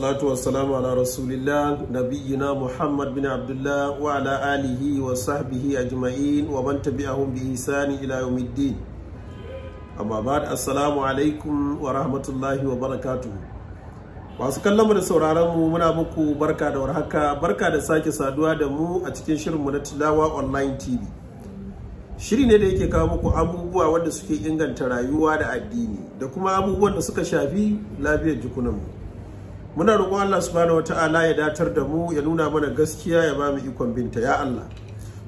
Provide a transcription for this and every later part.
salatu wassalamu ala rasulillah nabiyina muhammad bin abdullah wa ala alihi wa sahbihi ajma'in wa man tabi'ahum bi ihsani ila yawmiddin amma ba'd assalamu alaikum wa rahmatullahi wa barakatuh masu kallon mu da sauraron mu muna muku barka da warhaka barka da sake saduwa da mu a cikin shirin mu na tilawa online tv shiri ne da yake kawo muku abubuwa wanda suke inganta rayuwa da addini da kuma abubuwan da suka shafi lafiyar jikunanmu muna roƙon Allah subhanahu wata'ala ya datar da mu ya nuna mana gaskiya ya ba mu ikon binta ya Allah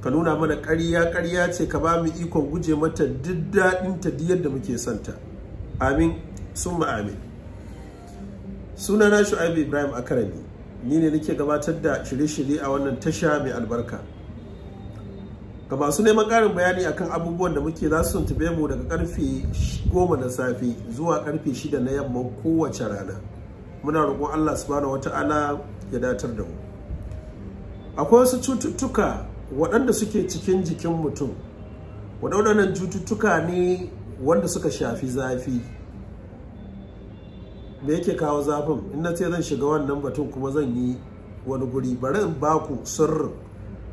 ka nuna mana ƙarya ƙarya ce ka ba mu ikon guje mata duk daɗin ta yadda muke santa amin summa amin sunana shu'aibu ibrahim akarami ni ne nake gabatar da shirye-shirye a wannan tasha mai albarka ga masu neman ƙarin bayani akan abubuwan da muke za su tuntube mu daga karfe 10 na safe zuwa karfe 6 na yamma kowace rana muna roƙon Allah subhanahu wata'ala ya datar da mu akwai wasu cututtuka waɗanda suke cikin jikin mutum waɗannan cututtuka ne wanda suka shafi zafi me yake kawo zafin in na ce zan shiga wannan batun kuma zan yi wani guri bari in ba ku sirrin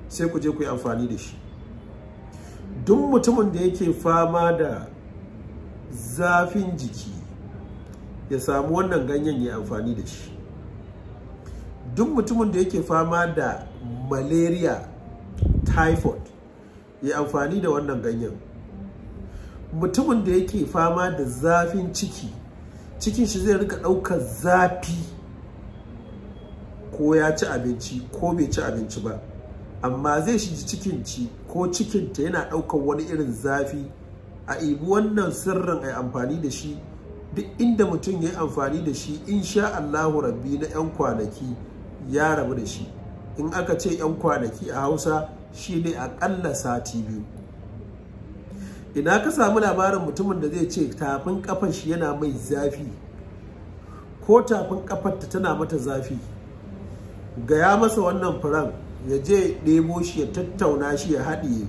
sai ku je ku yi amfani da shi duk mutumin da yake fama da zafin jiki ya samu wannan ganyen ya amfani da shi duk mutumin da yake fama da malaria typhoid ya amfani da wannan ganyen mutumin da yake fama da zafin ciki cikin shi zai rika ɗaukar zafi ko ya ci abinci ko bai ci abinci ba amma zai shi cikin ci ko cikinta yana ɗaukar wani irin zafi a ibi wannan sirrin a amfani da shi duk inda mutum ya yi amfani da shi in sha Allahu rabbi na 'yan kwanaki ya rabu da shi in aka ce 'yan kwanaki a hausa shi ne aƙalla sati biyu ina ka samu labarin mutumin da zai ce tafin kafar shi yana mai zafi ko tafin kafar ta tana mata zafi gaya masa wannan furan ya je ɗebo shi ya tattauna shi ya haɗiye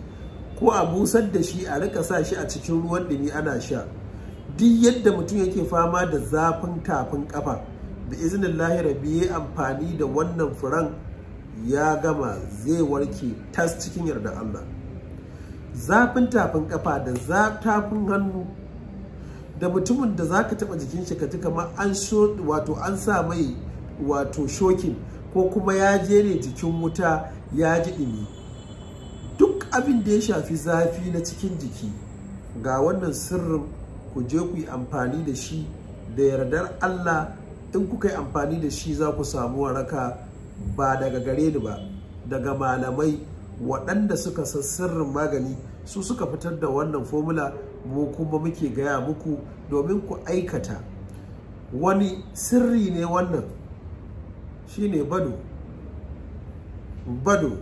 ko a busar da shi a rika sa shi a cikin ruwan ɗumi ana sha duk yadda mutum yake fama da zafin tafin kafa da izinin rabi ya amfani da wannan furan ya gama zai warke tas cikin yarda Allah zafin tafin kafa da zafin hannu da mutumin da za ka taba jikin shi ka kamar an so wato an sa mai wato shokin ko kuma ya je ne jikin wuta ya ji ɗumi duk abin da ya shafi zafi na cikin jiki ga wannan sirrin ku je ku yi amfani da shi da yardar Allah in kuka yi amfani da shi za ku samu waraka ba daga gare ni ba daga malamai waɗanda suka san sirrin magani su suka fitar da wannan fomula mu kuma muke gaya muku domin ku aikata wani sirri ne wannan Shi ne bado bado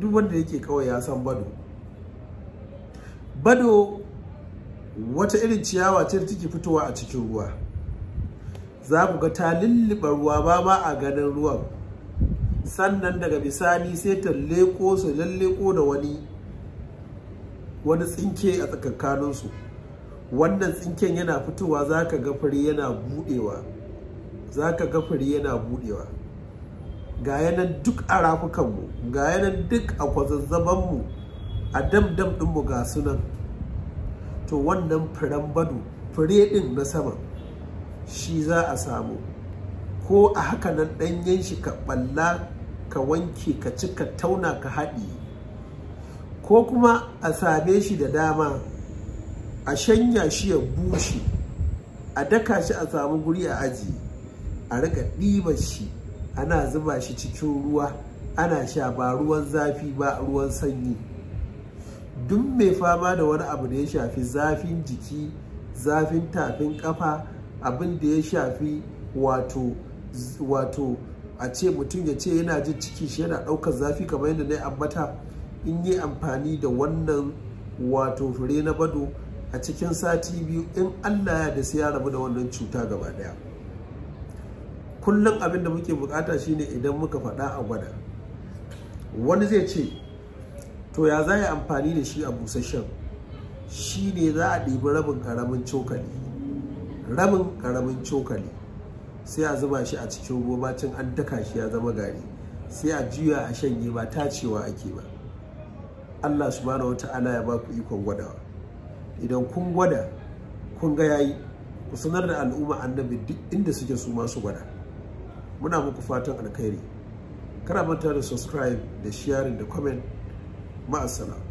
duk wanda yake kawai ya san bado bado wata irin ciyawa ce da take fitowa a cikin ruwa za ku ga ta lulluɓa ruwa ba ba a ganin ruwan sannan daga bisani sai ta leko su lalleko da wani wani tsinke a tsakankaninsu wannan tsinken yana fitowa za ka ga fure yana buɗewa za ka ga fure yana buɗewa ga yanan duk a rafukanmu ga yanan duk a kwazazzabanmu a dam dam ɗinmu ga sunan to wannan firan bado fire ɗin na sama shi za a samu ko a haka nan ɗanyen shi ka ɓalla ka wanke ka ci ka tauna ka haɗi ko kuma a same shi da dama a shanya shi ya bushe a daka shi a samu guri a aji a riga ɗiba shi ana zuba shi cikin ruwa ana sha ba ruwan zafi ba ruwan sanyi duk mai fama da wani abu da ya shafi zafin jiki zafin tafin kafa abin da ya shafi wato wato a ce mutum ya ce yana jin ciki shi yana ɗaukar zafi kamar yadda na ambata in yi amfani da wannan wato fure na bado a cikin sati biyu in allah ya da sai ya rabu da wannan cuta gaba daya kullum abin da muke bukata shine idan muka faɗa a gwada wani zai ce to ya za a yi amfani da shi a busasshen shi ne za a ɗebi rabin ƙaramin cokali rabin ƙaramin cokali sai a zuba shi a cikin roba cin an daka shi ya zama gari sai a juya a shanye ba tacewa ake ba Allah subhanahu wata'ala ya ba ku ikon gwadawa idan kun gwada kun ga yayi ku sanar da al'umma annabi duk inda suke su masu gwada muna muku fatan alkhairi kana manta da subscribe da sharing da comment مع السلامه